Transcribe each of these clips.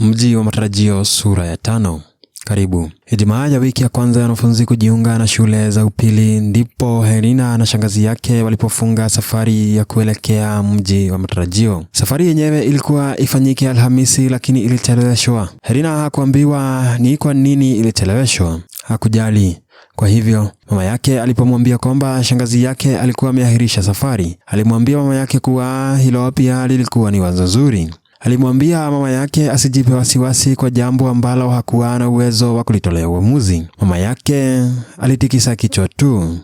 Mji wa matarajio sura ya tano. Karibu. Ijumaa ya wiki ya kwanza ya wanafunzi kujiunga na shule za upili, ndipo Herina na shangazi yake walipofunga safari ya kuelekea mji wa matarajio. Safari yenyewe ilikuwa ifanyike Alhamisi, lakini ilicheleweshwa. Herina hakuambiwa ni kwa nini ilicheleweshwa, hakujali. Kwa hivyo mama yake alipomwambia kwamba shangazi yake alikuwa ameahirisha safari, alimwambia mama yake kuwa hilo pia lilikuwa ni wazo zuri. Alimwambia mama yake asijipe wasiwasi kwa jambo ambalo hakuwa na uwezo wa kulitolea uamuzi. Mama yake alitikisa kichwa tu.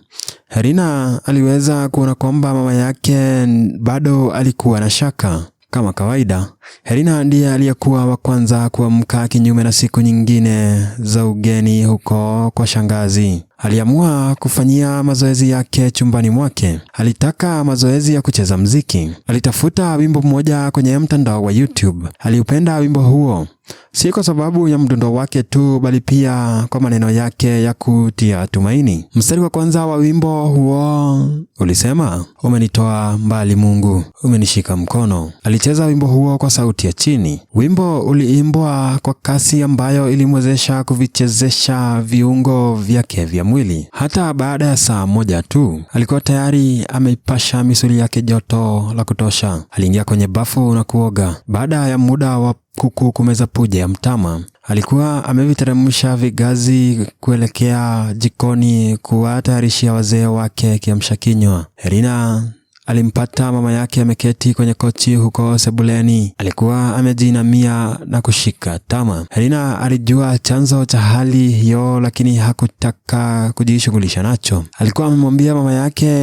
Herina aliweza kuona kwamba mama yake bado alikuwa na shaka. Kama kawaida, Herina ndiye aliyekuwa wa kwanza kuamka, kinyume na siku nyingine za ugeni huko kwa shangazi. Aliamua kufanyia mazoezi yake chumbani mwake. Alitaka mazoezi ya kucheza mziki. Alitafuta wimbo mmoja kwenye mtandao wa YouTube. Aliupenda wimbo huo, si kwa sababu ya mdundo wake tu, bali pia kwa maneno yake ya kutia tumaini. Mstari wa kwanza wa wimbo huo ulisema, umenitoa mbali, Mungu umenishika mkono. Alicheza wimbo huo kwa sauti ya chini. Wimbo uliimbwa kwa kasi ambayo ilimwezesha kuvichezesha viungo vyake vya ya mwili. Hata baada ya saa moja tu alikuwa tayari ameipasha misuli yake joto la kutosha. Aliingia kwenye bafu na kuoga. Baada ya muda wa kuku kumeza puje ya mtama, alikuwa ameviteremsha vigazi kuelekea jikoni kuwatayarishia wazee wake kiamsha kinywa. Herina alimpata mama yake ameketi kwenye kochi huko sebuleni. Alikuwa amejinamia na kushika tama. Helena alijua chanzo cha hali hiyo, lakini hakutaka kujishughulisha nacho. Alikuwa amemwambia mama yake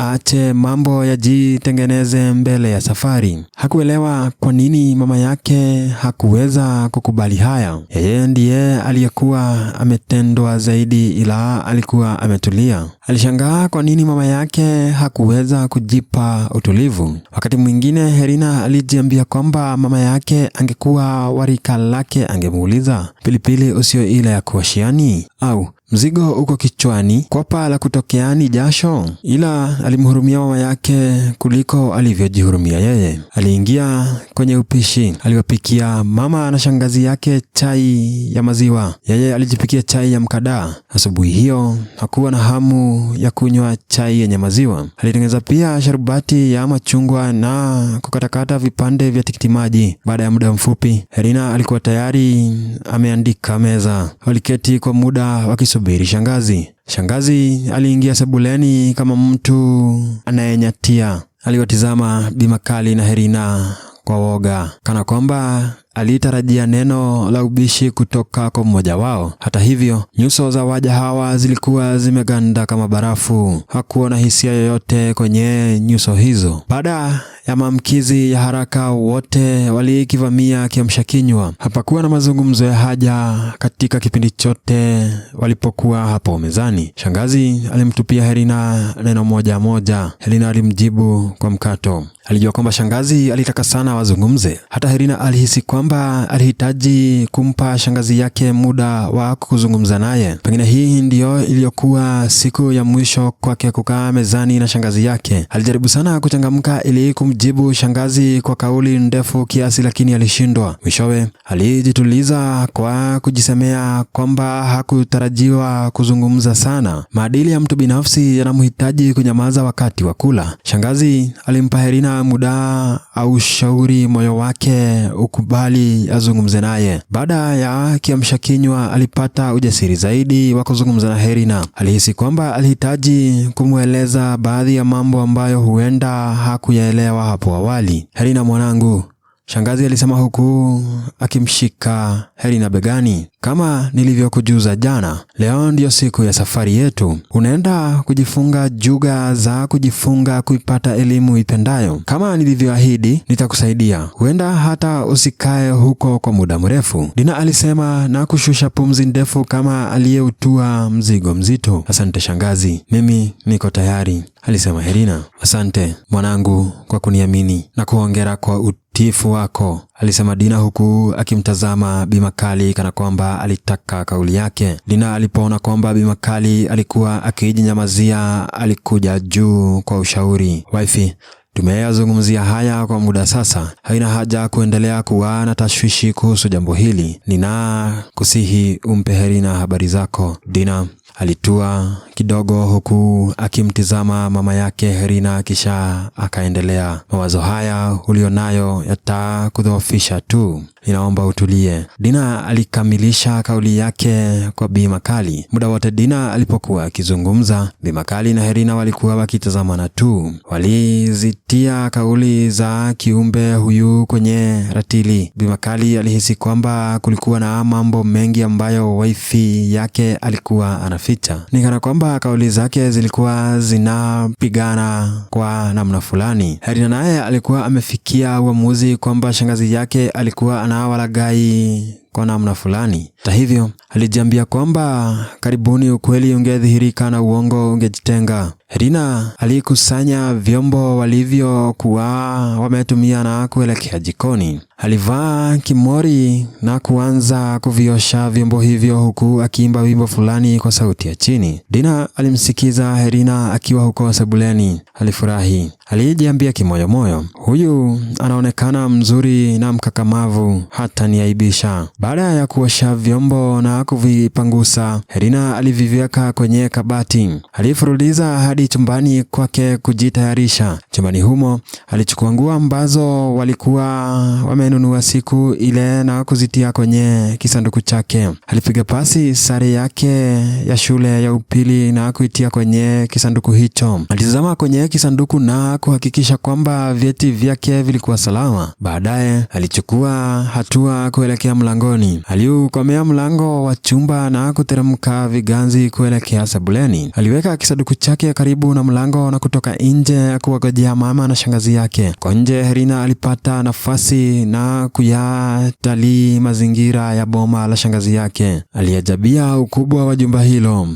aache mambo yajitengeneze mbele ya safari. Hakuelewa kwa nini mama yake hakuweza kukubali haya. Yeye ndiye aliyekuwa ametendwa zaidi, ila alikuwa ametulia. Alishangaa kwa nini mama yake hakuweza kujipa kumpa utulivu. Wakati mwingine Herina alijiambia kwamba mama yake angekuwa warika lake angemuuliza pilipili usio ile ya kuashiani au Mzigo uko kichwani, kwapa la kutokeani jasho, ila alimhurumia mama yake kuliko alivyojihurumia yeye. Aliingia kwenye upishi, aliwapikia mama na shangazi yake chai ya maziwa, yeye alijipikia chai ya mkadaa. Asubuhi hiyo hakuwa na hamu ya kunywa chai yenye maziwa. Alitengeneza pia sharubati ya machungwa na kukatakata vipande vya tikitimaji. Baada ya muda mfupi, Herina alikuwa tayari ameandika meza. Waliketi kwa muda wakisubiri akimsubiri shangazi. Shangazi aliingia sebuleni kama mtu anayenyatia. Aliwatizama Bi Makali na Herina kwa woga, kana kwamba alitarajia neno la ubishi kutoka kwa mmoja wao. Hata hivyo, nyuso za waja hawa zilikuwa zimeganda kama barafu. Hakuona hisia yoyote kwenye nyuso hizo. Baada ya maamkizi ya haraka, wote walikivamia kiamsha kinywa. Hapakuwa na mazungumzo ya haja katika kipindi chote walipokuwa hapo mezani. Shangazi alimtupia herina neno moja moja. herina alimjibu kwa mkato. Alijua kwamba shangazi alitaka sana wazungumze. Hata Helena alihisi kwa kwamba alihitaji kumpa shangazi yake muda wa kuzungumza naye. Pengine hii ndiyo iliyokuwa siku ya mwisho kwake kukaa mezani na shangazi yake. Alijaribu sana kuchangamka ili kumjibu shangazi kwa kauli ndefu kiasi, lakini alishindwa. Mwishowe alijituliza kwa kujisemea kwamba hakutarajiwa kuzungumza sana. Maadili ya mtu binafsi yanamhitaji kunyamaza wakati wa kula. Shangazi alimpa Herina muda au shauri moyo wake ukubali ali azungumze naye. Baada ya kiamsha kinywa, alipata ujasiri zaidi wa kuzungumza na Herina. Alihisi kwamba alihitaji kumweleza baadhi ya mambo ambayo huenda hakuyaelewa hapo awali. Herina mwanangu, Shangazi alisema huku akimshika Helena begani. Kama nilivyokujuza jana, leo ndiyo siku ya safari yetu. Unaenda kujifunga juga za kujifunga kuipata elimu ipendayo. Kama nilivyoahidi, nitakusaidia. Huenda hata usikae huko kwa muda mrefu, Dina alisema na kushusha pumzi ndefu kama aliyeutua mzigo mzito. Asante shangazi, mimi niko tayari, alisema Helena. Asante mwanangu kwa kuniamini na kuongera kwa utu tifu wako, alisema Dina huku akimtazama Bimakali kana kwamba alitaka kauli yake. Dina alipoona kwamba Bimakali alikuwa akijinyamazia, alikuja juu kwa ushauri. Waifi, tumeyazungumzia haya kwa muda sasa, haina haja kuendelea kuwa na tashwishi kuhusu jambo hili. Nina kusihi umpe Herina habari zako Dina. Alitua kidogo huku akimtizama mama yake Rina, kisha akaendelea, mawazo haya ulionayo yatakudhoofisha tu, ninaomba utulie. Dina alikamilisha kauli yake kwa Bi Makali. Muda wote Dina alipokuwa akizungumza, bima kali na Herina walikuwa wakitazamana tu. Walizitia kauli za kiumbe huyu kwenye ratili. Bima kali alihisi kwamba kulikuwa na mambo mengi ambayo waifi yake alikuwa anafika kujificha. Ni kana kwamba kauli zake zilikuwa zinapigana kwa namna fulani. Herina naye alikuwa amefikia uamuzi kwamba shangazi yake alikuwa anawalagai kwa namna fulani. Hata hivyo, alijiambia kwamba karibuni ukweli ungedhihirika na uongo ungejitenga. Rina alikusanya vyombo walivyokuwa wametumia na kuelekea jikoni. Alivaa kimori na kuanza kuviosha vyombo hivyo huku akiimba wimbo fulani kwa sauti ya chini. Dina alimsikiza Herina akiwa huko sebuleni. Alifurahi, alijiambia kimoyomoyo, huyu anaonekana mzuri na mkakamavu, hata niaibisha. Baada ya kuosha vyombo na kuvipangusa, Helena aliviweka kwenye kabati. Alifuruliza hadi chumbani kwake kujitayarisha. Chumbani humo alichukua nguo ambazo walikuwa wamenunua siku ile na kuzitia kwenye kisanduku chake. Alipiga pasi sare yake ya shule ya upili na kuitia kwenye kisanduku hicho. Alitazama kwenye kisanduku na kuhakikisha kwamba vyeti vyake vilikuwa salama. Baadaye alichukua hatua kuelekea mlango jikoni. Aliukomea mlango wa chumba na kuteremka viganzi kuelekea sebuleni. Aliweka kisanduku chake karibu na mlango na kutoka nje kuwagojea mama na shangazi yake. Kwa nje, Herina alipata nafasi na kuyatalii mazingira ya boma la shangazi yake. Aliajabia ukubwa wa jumba hilo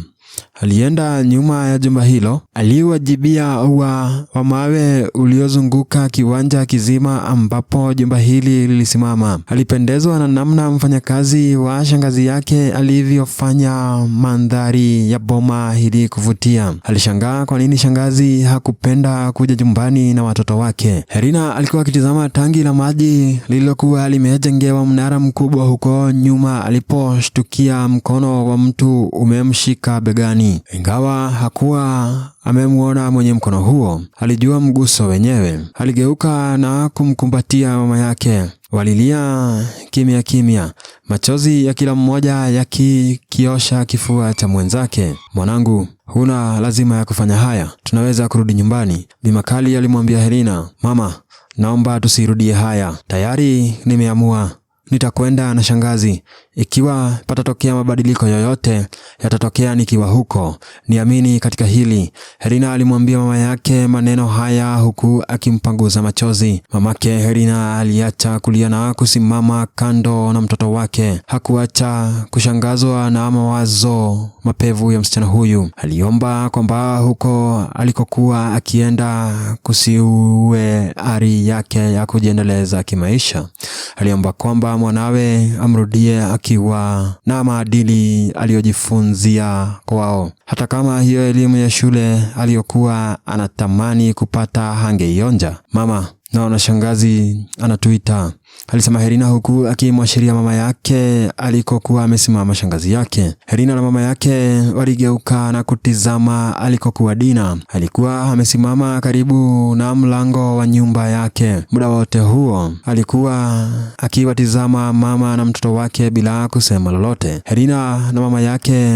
alienda nyuma ya jumba hilo, aliwajibia ua wa mawe uliozunguka kiwanja kizima ambapo jumba hili lilisimama. Alipendezwa na namna mfanyakazi wa shangazi yake alivyofanya mandhari ya boma hili kuvutia. Alishangaa kwa nini shangazi hakupenda kuja jumbani na watoto wake. Herina alikuwa akitizama tangi la maji lililokuwa limejengewa mnara mkubwa huko nyuma, aliposhtukia mkono wa mtu umemshika begani mkononi. Ingawa hakuwa amemwona mwenye mkono huo, alijua mguso wenyewe. Aligeuka na kumkumbatia mama yake. Walilia kimya kimya, machozi ya kila mmoja yakikiosha kifua cha mwenzake. Mwanangu, huna lazima ya kufanya haya, tunaweza kurudi nyumbani, bimakali alimwambia helina Mama, naomba tusirudie haya, tayari nimeamua nitakwenda na shangazi. Ikiwa patatokea mabadiliko yoyote, yatatokea nikiwa huko, niamini katika hili. Herina alimwambia mama yake maneno haya huku akimpanguza machozi. Mamake Herina aliacha kulia na kusimama kando na mtoto wake. Hakuacha kushangazwa na mawazo mapevu ya msichana huyu. Aliomba kwamba huko alikokuwa akienda kusiue ari yake ya kujiendeleza kimaisha. Aliomba kwamba mwanawe amrudie akiwa na maadili aliyojifunzia kwao. Hata kama hiyo elimu ya shule aliyokuwa anatamani kupata hangeionja. Mama naona shangazi anatuita Alisema Herina huku akimwashiria mama yake alikokuwa amesimama shangazi yake. Herina na mama yake waligeuka na kutizama alikokuwa Dina. Alikuwa amesimama karibu na mlango wa nyumba yake. Muda wote huo alikuwa akiwatizama mama na mtoto wake bila kusema lolote. Herina na mama yake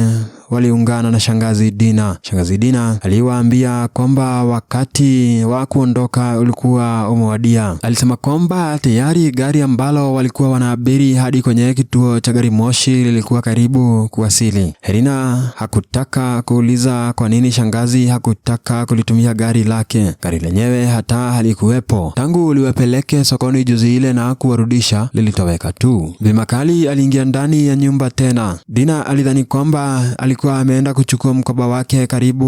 waliungana na shangazi Dina. Shangazi Dina aliwaambia kwamba wakati wa kuondoka ulikuwa umewadia. Alisema kwamba tayari gari Gari ambalo walikuwa wanaabiri hadi kwenye kituo cha gari moshi lilikuwa karibu kuwasili. Herina hakutaka kuuliza kwa nini shangazi hakutaka kulitumia gari lake. Gari lenyewe hata halikuwepo tangu liwapeleke sokoni juzi ile na kuwarudisha, lilitoweka tu. vimakali aliingia ndani ya nyumba tena. Dina alidhani kwamba alikuwa ameenda kuchukua mkoba wake, karibu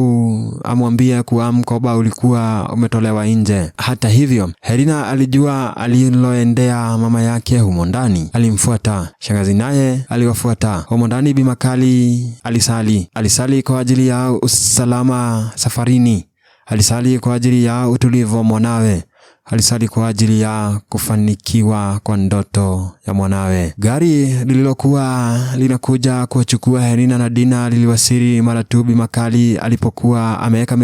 amwambie kuwa mkoba ulikuwa umetolewa nje. Hata hivyo, Herina alijua aliloendea mama yake humo ndani, alimfuata shangazi, naye aliwafuata humo ndani. Bi Makali alisali, alisali kwa ajili ya usalama safarini, alisali kwa ajili ya utulivu wa mwanawe, alisali kwa ajili ya kufanikiwa kwa ndoto na mwanawe. Gari lililokuwa linakuja kuwachukua Herina na Dina liliwasili mara tu Bi Makali alipokuwa ameweka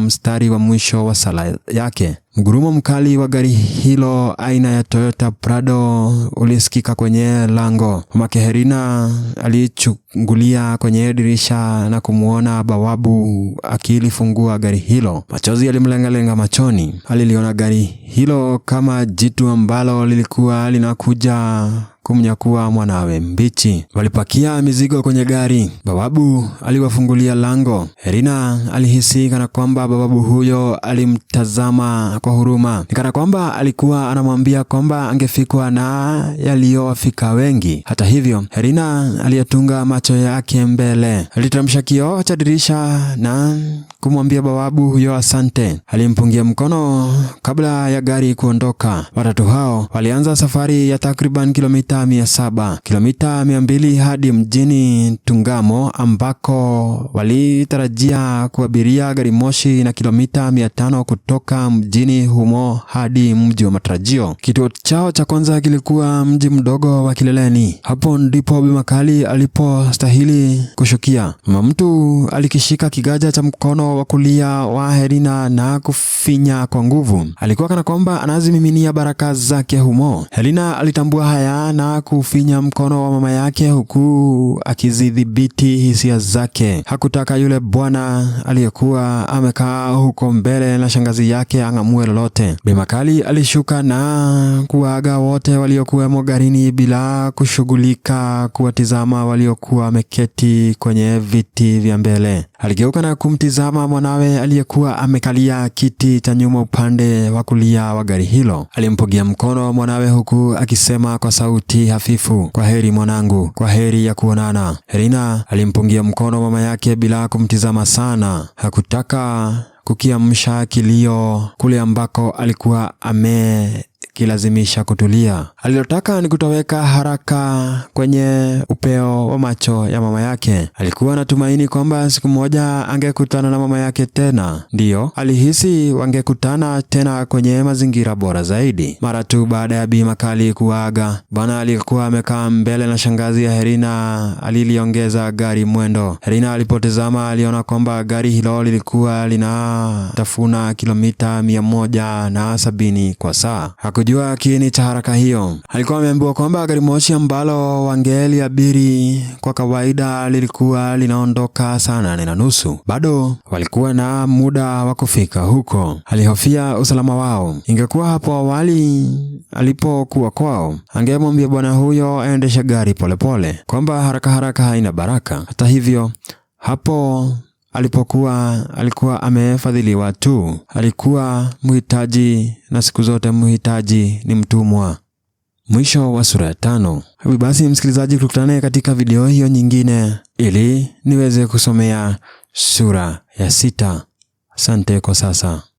mstari wa mwisho wa sala yake. Mgurumo mkali wa gari hilo aina ya Toyota Prado ulisikika kwenye lango. Mamake Herina alichungulia kwenye dirisha na kumwona bawabu akilifungua gari hilo. Machozi yalimlengalenga machoni. Aliliona gari hilo kama jitu ambalo lilikuwa linakuja kumnyakua mwanawe mbichi. Walipakia mizigo kwenye gari. Bababu aliwafungulia lango. Herina alihisi kana kwamba bababu huyo alimtazama kwa huruma, ni kana kwamba alikuwa anamwambia kwamba angefikwa na yaliyowafika wengi. Hata hivyo, Herina aliyetunga macho yake mbele alitamsha kioo cha dirisha na kumwambia bababu huyo asante. Alimpungia mkono kabla ya gari kuondoka. Watatu hao walianza safari ya takriban kilomita kilomita 700, kilomita 200 hadi mjini Tungamo ambako walitarajia kuabiria gari moshi na kilomita 500 kutoka mjini humo hadi mji wa matarajio. Kituo chao cha kwanza kilikuwa mji mdogo wa Kileleni. Hapo ndipo Bimakali alipostahili kushukia. Mama mtu alikishika kigaja cha mkono wa kulia wa Herina na kufinya kwa nguvu. Alikuwa kana kwamba anazimiminia baraka zake humo. Helena alitambua haya na na kufinya mkono wa mama yake huku akizidhibiti hisia zake. Hakutaka yule bwana aliyekuwa amekaa huko mbele na shangazi yake ang'amue lolote. Bi Makali alishuka na kuaga wote waliokuwemo garini bila kushughulika kuwatizama waliokuwa wameketi kwenye viti vya mbele. Aligeuka na kumtizama mwanawe aliyekuwa amekalia kiti cha nyuma upande wa kulia wa gari hilo. Alimpogia mkono mwanawe huku akisema kwa sauti hafifu, kwa heri mwanangu, kwa heri ya kuonana. Rina alimpungia mkono mama yake bila kumtizama sana, hakutaka kukiamsha kilio kule ambako alikuwa ame kilazimisha kutulia. Alilotaka ni kutoweka haraka kwenye upeo wa macho ya mama yake. Alikuwa anatumaini kwamba siku moja angekutana na mama yake tena, ndiyo alihisi wangekutana tena kwenye mazingira bora zaidi. Mara tu baada ya bima Makali kuaga bana, alikuwa amekaa mbele na shangazi ya Herina aliliongeza gari mwendo. Herina alipotazama aliona kwamba gari hilo lilikuwa linatafuna kilomita mia moja na sabini kwa saa hakujua kiini cha haraka hiyo. Alikuwa ameambiwa kwamba gari moshi ambalo wangeliabiri kwa kawaida lilikuwa linaondoka saa nane na nusu. Bado walikuwa na muda wa kufika huko. Alihofia usalama wao. Ingekuwa hapo awali alipokuwa kwao, angemwambia bwana huyo aendeshe gari polepole, kwamba haraka haraka haina baraka. Hata hivyo hapo alipokuwa alikuwa amefadhiliwa tu, alikuwa mhitaji na siku zote mhitaji ni mtumwa. Mwisho wa sura ya tano. Hivi basi, msikilizaji, tukutane katika video hiyo nyingine ili niweze kusomea sura ya sita. Asante kwa sasa.